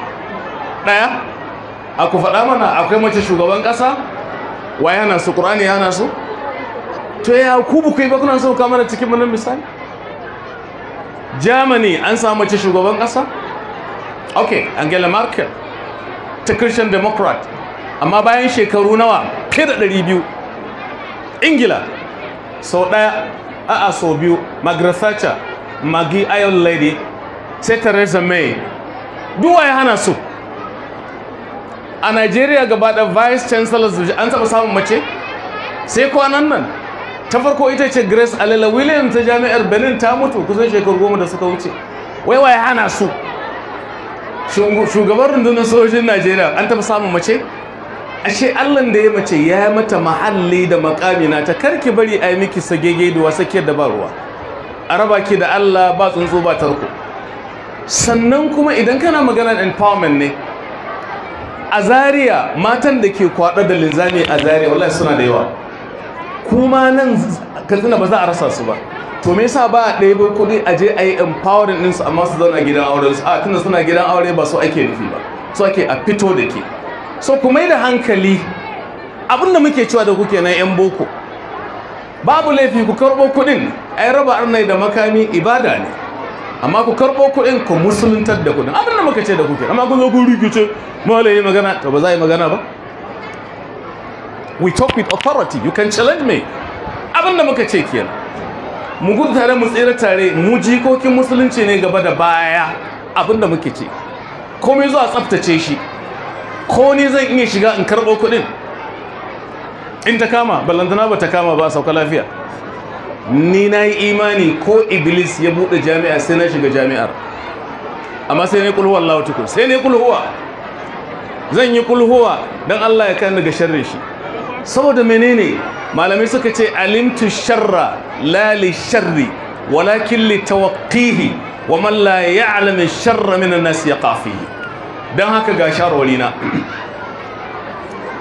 ɗaya a ku faɗa mana akwai mace shugaban ƙasa wa yana su ƙur'ani yana su to ya ku bu kai ba kuna so cikin manan misali germany an samu mace shugaban ƙasa ok angela merkel ta christian democrat amma bayan shekaru nawa ke da ɗari biyu ingila sau ɗaya a'a sau biyu margaret thatcher maggie iron lady sai theresa may duwa ya hana su a Najeriya gaba da vice chancellors an taɓa samun mace sai kwanan nan ta farko ita ce Grace Alela william ta jami'ar Benin ta mutu kusan shekaru goma da suka wuce wai waye hana su shugaban rundunar sojin Najeriya an taɓa samun mace ashe allon da ya mace ya mata mahalli da na ta karki bari a yi miki sagege da kiyar da ba ruwa a raba ki da allah ba tsuntsu ba tarko sannan kuma idan kana maganar empowerment ne a Zariya matan da ke kwaɗa da linzami a Zariya wallahi suna da yawa kuma nan kaltina ba za a rasa su ba to me yasa ba a ɗaya kuɗi a je a yi empowering ɗinsu amma su zauna gidan aure? su a tunda suna gidan aure ba su ake nufi ba su ake a fito da ke so ku mai da hankali abinda muke cewa da kuke na yan boko babu laifi ku karɓo kuɗin ai raba arnai da makami ibada ne amma ku karɓo kuɗin ku musuluntar da kuɗin abin da muka ce da kuke amma ku zo kun rikice mole yi magana to ba za a yi magana ba we talk with authority you can challenge me abin da muka ce kenan mu gudu tare mu tsira tare mu jikokin musulunci ne gaba da baya abin da muke ce komai zuwa tsaftace shi ko ni zan iya shiga in karɓo kuɗin in ta kama ballantana ba ta kama ba sauka lafiya ni na yi imani ko iblis ya buɗe jami'a sai na shiga jami'ar amma sai ne kulhuwa Allah tukun sai ne kulhuwa zan yi kulhuwa don Allah ya kan daga sharri shi saboda menene malamai suka ce alimtu sharra lali li sharri walakin li tawaqqihi wa man la ya'lam sharra min an-nas yaqafihi dan haka ga sharwari na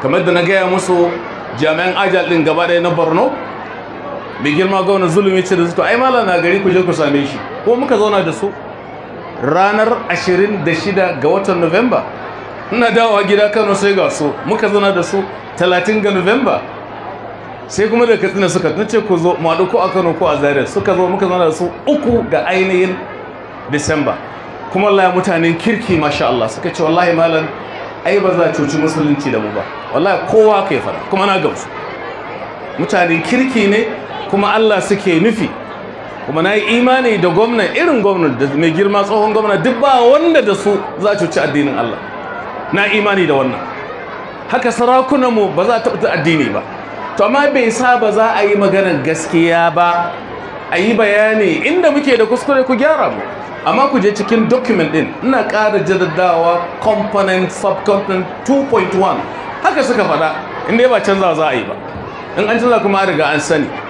kamar da na gaya musu jami'an ajal din gaba ɗaya na Borno mai girma gwamna zulumi ce da su ai mala na gari ku je ku same shi ko muka zauna da su ranar 26 ga watan Nuwamba ina dawowa gida Kano sai ga su muka zauna da su 30 ga Nuwamba sai kuma da Katsina suka nace ku zo maɗu ko a Kano ko a Zaria suka zo muka zauna da su uku ga ainihin Disamba kuma Allah ya mutanen kirki masha Allah suka ce wallahi malam ai ba za a cuci musulunci da mu ba wallahi kowa ka yi fara kuma na gamsu mutanen kirki ne kuma Allah suke nufi kuma na yi imani da gwamna irin gwamna da mai girma tsohon gwamna duk ba wanda da su za a cuci addinin Allah na imani da wannan haka sarakunanmu ba za a taɓa addini ba to amma bai sa ba za a yi maganar gaskiya ba a yi bayani inda muke da kuskure ku gyara mu amma ku je cikin document din ina ƙara jaddadawa component subcontinent 2.1 haka suka faɗa inda ba canzawa, za a yi ba in an canza kuma riga an sani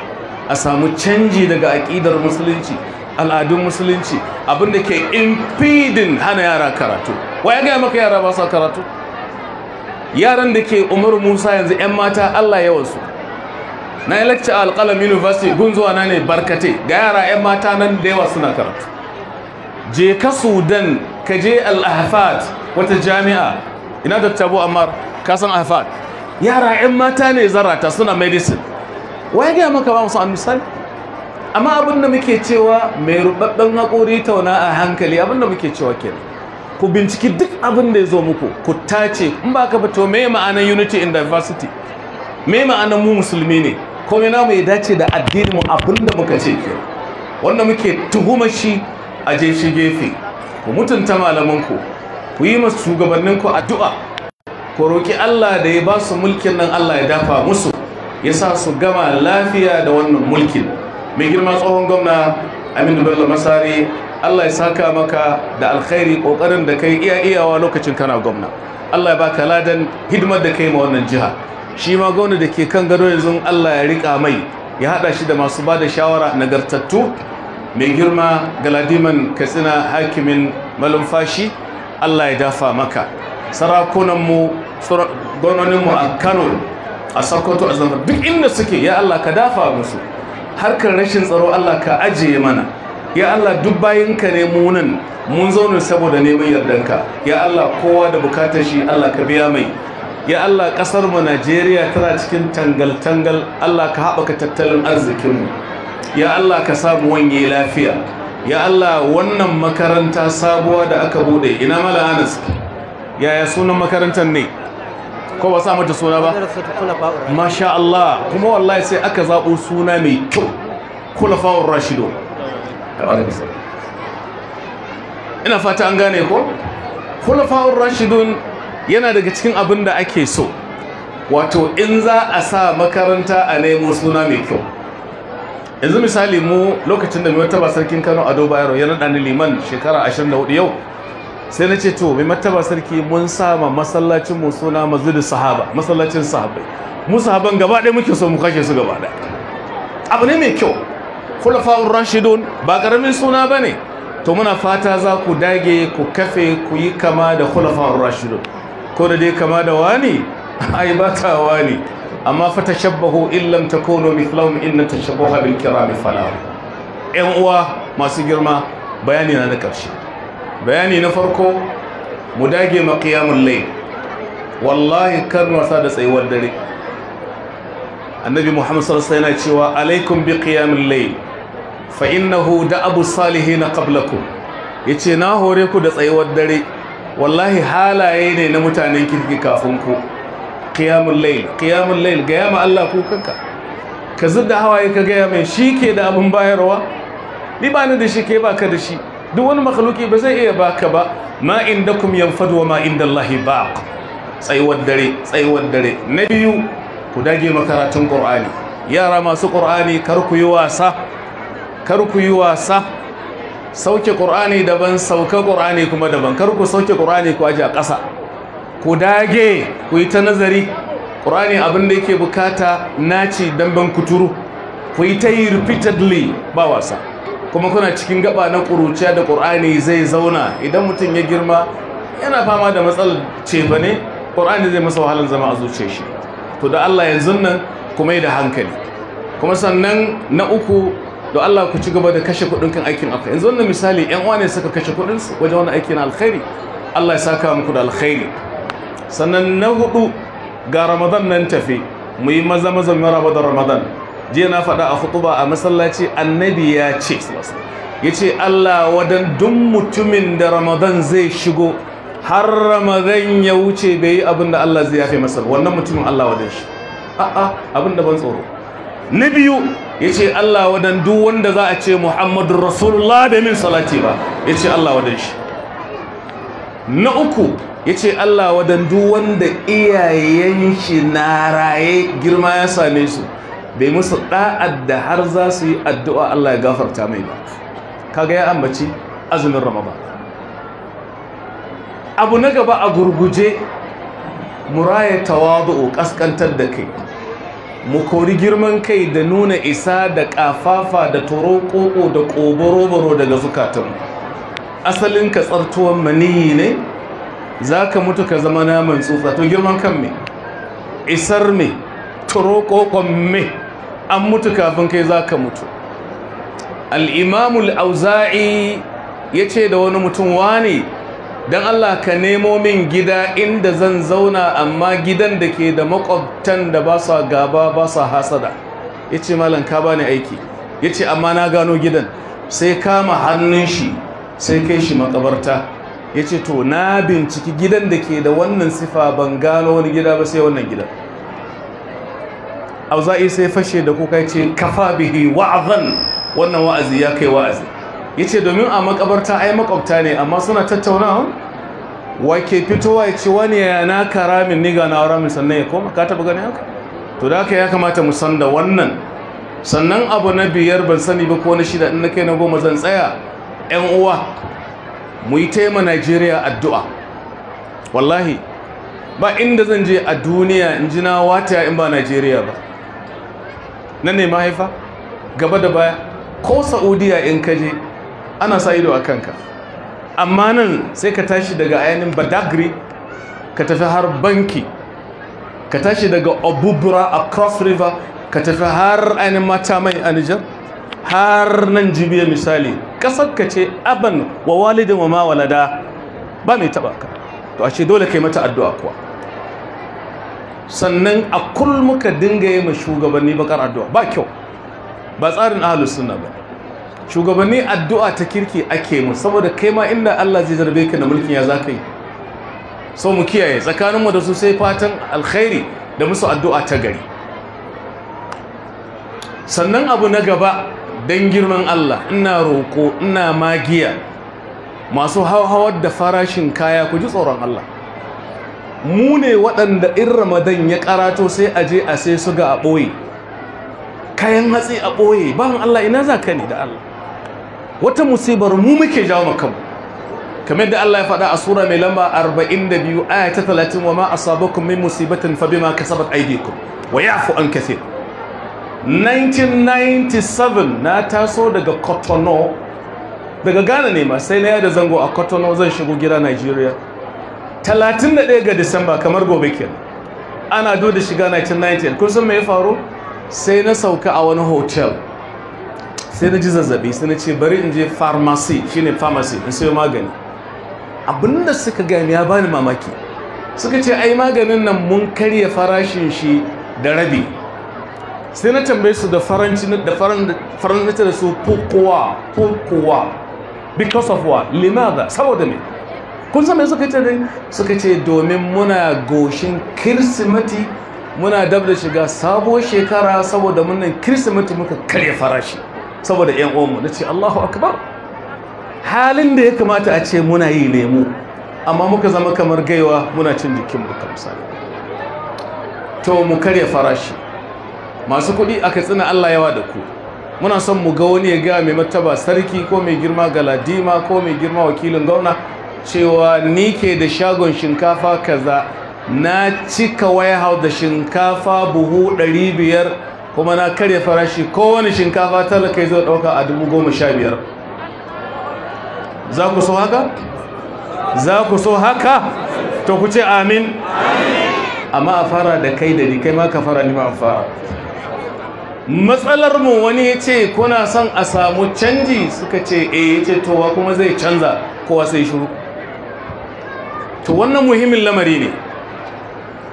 a samu canji daga aƙidar musulunci al'adun musulunci abinda ke impeding hana yara karatu wa ya gaya maka yara ba sa karatu yaran da ke umar musa yanzu 'yan mata allah yawansu na yi lecture a alƙalam university gunzuwa na ne barkate ga yara 'yan mata nan da yawa suna karatu je ka sudan ka je al'afat wata jami'a ina da tabo amma kasan ahafat yara 'yan mata ne zarata suna medicine waya gaya maka ba musu a misali amma abin da muke cewa mai rubabben haƙuri tauna a hankali abin da muke cewa kenan ku binciki duk abin da ya zo muku ku tace in ba ka fito mai ma'anar unity in diversity Mai ma'anar mu musulmi ne na namu ya dace da addinin mu da muka ce ke wanda muke tuhumar shi a je shi gefe ku mutunta malamanku ku yi masu shugabanninku addu'a ku roƙi Allah da ya ba su mulkin nan Allah ya dafa musu ya sa su gama lafiya da wannan mulkin mai girma tsohon gwamna aminu bello masari allah ya saka maka da alkhairi kokarin da kai iya iyawa lokacin kana gwamna allah ya baka ladan hidimar da kai ma wannan jiha shi ma gwamna da ke kan gado yanzu allah ya rika mai ya hada shi da masu ba da shawara nagartattu mai girma galadiman katsina hakimin malumfashi allah ya dafa maka sarakunanmu gwamnoninmu a kano a sakkwato a zama duk inda suke ya Allah ka dafa musu harkar rashin tsaro Allah ka ajiye mana ya Allah duk bayan ka ne munan mun zaune saboda neman yardanka ya Allah kowa da bukatar shi Allah ka biya mai ya Allah kasar mu Najeriya tana cikin tangal tangal Allah ka haɓaka tattalin arzikin mu ya Allah ka samu wanye lafiya ya Allah wannan makaranta sabuwa da aka bude ina mala Anas yaya sunan makarantar ne ko ba sa mata suna ba masha Allah kuma wallahi sai aka zaɓo suna mai kyau kulafa'ur rashido ina fata an gane ko kulafa'ur rashidun yana daga cikin abin da ake so wato in za a sa makaranta a nemo suna mai kyau yanzu misali mu lokacin da mai wata sarkin kano ado bayero ya naɗa liman shekara 24 yau sai na ce to mai mataba sarki mun sama masallacin mu suna da sahaba masallacin sahabai mu sahaban gaba ɗaya muke so mu kashe su gaba ɗaya abu ne mai kyau khulafa'ur rashidun ba karamin suna bane to muna fata za ku dage ku kafe ku yi kama da khulafa'ur rashidun ko da dai kama da wani ai ba ta wani amma fa tashabbahu illam takunu mithlahum inna tashabbaha bil kirami fala yan uwa masu girma bayani na na karshe bayani na farko mu dage ma qiyamul layl wallahi kar mu wasa da tsayuwar dare annabi muhammad sallallahu alaihi yana cewa alaikum bi qiyamul layl fa innahu da abu salihin qablakum yace na hore ku da tsayuwar dare wallahi halaye ne na mutanen kirki kafin ku qiyamul layl qiyamul layl ga yamma Allah ku kanka ka zudda hawaye ka ga mai shi ke da abun bayarwa ni ba ni da shi ke baka da shi duk wani makhluki ba zai iya baka ba ma inda kum yanfad wa ma inda Allah ba. tsaiwar dare tsaiwar dare na biyu ku dage makaratun qur'ani yara masu qur'ani kar ku yi wasa kar ku yi wasa sauke qur'ani daban sauka qur'ani kuma daban kar ku sauke qur'ani ku aje a ƙasa ku dage ku yi ta nazari qur'ani abin da yake bukata naci damben kuturu ku yi ta repeatedly ba wasa kuma kuna cikin gaba na ƙuruciya da ƙur'ani zai zauna idan mutum ya girma yana fama da matsalar cefa ne ƙur'ani zai masa wahalar zama a zuce shi to da Allah yanzu nan kuma yi da hankali kuma sannan na uku da Allah ku ci gaba da kashe kuɗin kan aikin akwai yanzu wannan misali yan uwa ne suka kashe kuɗin su wajen wani aiki na alkhairi Allah ya saka muku da alkhairi sannan na hudu ga Ramadan nan tafi mu yi maza maza mu Ramadan Ramadan jiya na faɗa a hutuba a masallaci annabi ya ce ya ce Allah wadan duk mutumin da ramadan zai shigo har ramadan ya wuce bai yi abin da Allah zai yafe masa wannan mutumin Allah wadan shi a'a abin da ban tsoro na biyu ya ce Allah wadan duk wanda za a ce Muhammadu Rasulullah bai min salati ba ya ce Allah wadan shi na uku ya ce Allah duk wanda iyayen shi na raye girma ya same su bai musu da'ad da har za su yi addu'a Allah ya gafarta mai ba kaga ya ambaci azumin ramadan abu na gaba a gurguje muraya tawadu kaskantar da kai mu kori girman kai da nuna isa da ƙafafa da toro koko da koboro daga zukatanmu asalin ka tsartuwan maniyi ne za ka mutu ka zama naman tsutsa to girman kan me isar me kokon me an mutu kafin kai za ka mutu al'imamul auza'i ya ce da wani mutum wani don Allah ka nemo min gida inda zan zauna amma gidan da ke da makwabtan da ba sa gaba ba sa hasada ya ce malam ka ba aiki yace amma na gano gidan sai kama hannun shi sai kai shi makabarta ya ce to na binciki gidan da ke da wannan sifa ban gano wani gida ba sai wannan gidan auza'i sai fashe da kuka ce kafa bihi wa'azan wannan wa'azi ya kai wa'azi Ya ce domin a makabarta ai makwabta ne amma suna tattauna wa ke fitowa ya ce wani ya na kara ni niga na min sannan ya koma ka taba gani haka to da haka ya kamata mu san da wannan sannan abu na biyar ban sani ba ko na shida in na kai na goma zan tsaya yan uwa mu yi taima Najeriya addu'a wallahi ba inda zan je a duniya in ji na wata in ba Najeriya ba na ne mahaifa gaba da baya ko saudiya in ka ana sa ido a kanka amma nan sai ka tashi daga ayanin badagri ka tafi har banki ka tashi daga obubura a cross river ka tafi har ainihin mata mai a nijar har nan jibiya misali ƙasar ka ce aban wa walidin wa mawalada ba mai taɓa ka to a ce dole kai mata addu'a kuwa sannan a kul muka dinga yi ma shugabanni bakar addu'a ba kyau ba tsarin ahalus sunna ba shugabanni addu'a ta kirki ake mu saboda kai ma inda Allah zai zarbe ka da mulkin ya zaka yi sau mu kiyaye tsakaninmu da su sai fatan alkhairi da musu addu'a ta gari sannan abu na gaba don girman Allah ina roko, ina magiya masu hauhawar da farashin kaya ku ji tsoron Allah mu ne waɗanda in ramadan ya karato sai a je a sai su ga a ɓoye kayan hatsi a ɓoye bayan allah ina za ka ne da allah wata musibar mu muke jawo makamu kamar da allah ya faɗa a sura mai lamba 42 aya ta 30 wa ma asabakum min musibatin fa bima kasabat aydikum wa yafu an kathir 1997 na taso daga cotonou daga ghana ne ma sai na yada zango a cotonou zan shigo gida nigeria 31 ga disamba kamar gobe kenan ana do da shiga 1990 kun san me ya faru sai na sauka a wani hotel sai na ji zazzabi sai na ce bari in je pharmacy shine pharmacy in sayo magani abinda suka gani ya bani mamaki suka ce ai maganin nan mun karya farashin shi da rabi sai na tambaye su da faranci da faranci da su kokowa kokowa because of what limada saboda me kun san me suka ce dai suka ce domin muna goshin kirsimati muna dab da shiga sabuwar shekara saboda munan kirsimati muka karya farashi saboda yan uwanmu na ce Allahu akbar halin da ya kamata a ce muna yi lemu amma muka zama kamar gaiwa muna cin jikin mu misali to mu karya farashi masu kuɗi aka tsina Allah yawa da ku muna son mu ga wani ya ga mai mataba sarki ko mai girma galadima ko mai girma wakilin gwamna cewa ni ke da shagon shinkafa kaza na cika warehouse da shinkafa buhu 500 kuma na karya farashi kowane shinkafa talaka zai dauka a 15,000 za ku so haka? za ku so haka? to ku ce amin amma a fara da kai da kai ma ka fara ni ma fara matsalar mu wani ya ce kuna son a samu canji suka ce eh ya ce towa kuma zai canza kowa sai shuru to wannan muhimmin lamari ne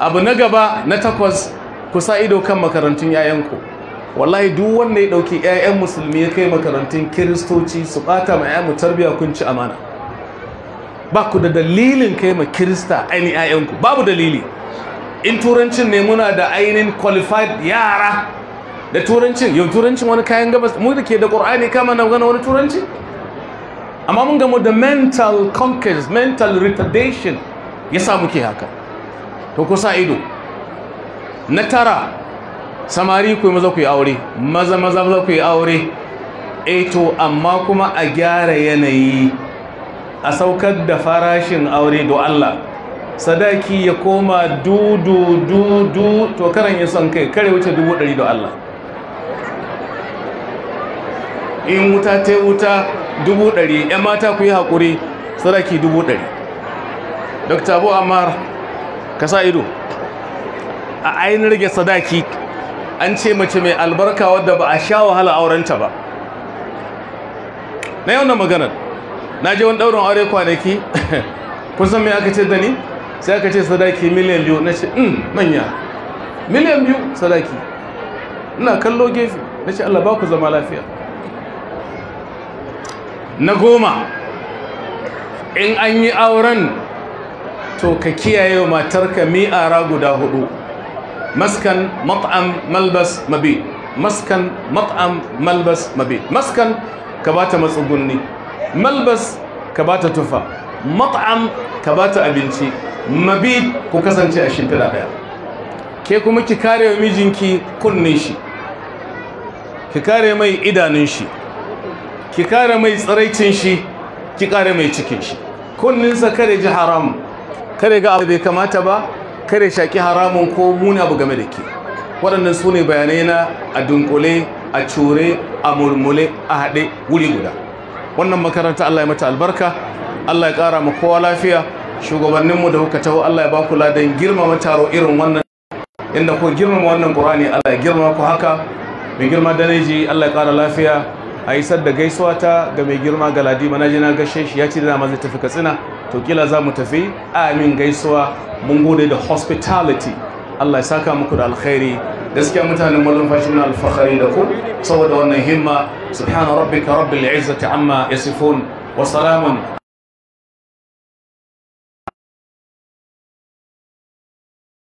abu na gaba na takwas ku sa ido kan makarantun 'ya'yanku wallahi duk wanda ya ɗauki 'ya'yan musulmi ya kai makarantun kiristoci su bata ma 'ya'yanmu tarbiyya kun ci amana ba ku da dalilin kai ma kirista ainihin 'ya'yanku babu dalili in turancin ne muna da ainihin qualified yara da turancin yau turancin wani kayan gabas mu da ke da ƙur'ani kama na gana wani turanci amma mun gamu da mental conquest mental retardation ya sa muke haka to ku sa ido na tara samari ku maza ku yi aure maza maza maza ku yi aure eto eh to amma kuma a gyara yanayi a saukar da farashin aure do Allah sadaki ya koma dudu dudu to karan ya son kai kare wuce dubu ɗari do Allah in wuta ta wuta dubu ɗari ‘yan mata ku yi haƙuri sadaki dubu ɗari dr abu ammar ka sa ido a ainihin rage sadaki an ce mace mai albarka wadda ba a sha wahala aurenta ba na yau na maganar na je wani ɗaurin aure kwanaki kun san mai aka ce da ni sai aka ce sadaki miliyan biyu na ce mm, manya miliyan biyu sadaki ina kallo gefe na ce allah ba ku zama lafiya na goma in an yi auren to ka kiyaye wa matarka mi'ara guda hudu maskan mat'am malbas mabi maskan mat'am malbas mabi maskan ka bata matsugunni malbas ka bata tufa mat'am ka bata abinci mabi ku kasance a shimfiɗa ɗaya ke kuma ki kare wa mijinki kunne shi ki kare mai idanun shi ki kare mai tsiraicin shi ki kare mai cikin shi kunninsa kare ji haram kare ga abu bai kamata ba kare shaki haramun ko muni abu game da ke waɗannan su ne bayanai na a dunkule a cure a murmule a haɗe wuri guda wannan makaranta Allah ya mata albarka Allah ya ƙara mu kowa lafiya shugabanninmu da kuka taho Allah ya ba ku ladan girmama taro irin wannan inda ku girmama wannan Qur'ani Allah ya girmama ku haka mai girma da Allah ya ƙara lafiya a isar da gaisuwa ta ga mai girma galadi na je na gashe shi ya ce da ma zai tafi katsina to kila za mu tafi amin gaisuwa mun gode da hospitality Allah ya saka muku da alkhairi gaskiya mutanen malumfashi na alfahari da ku saboda wannan himma subhana rabbika rabbil izzati amma yasifun wa salamun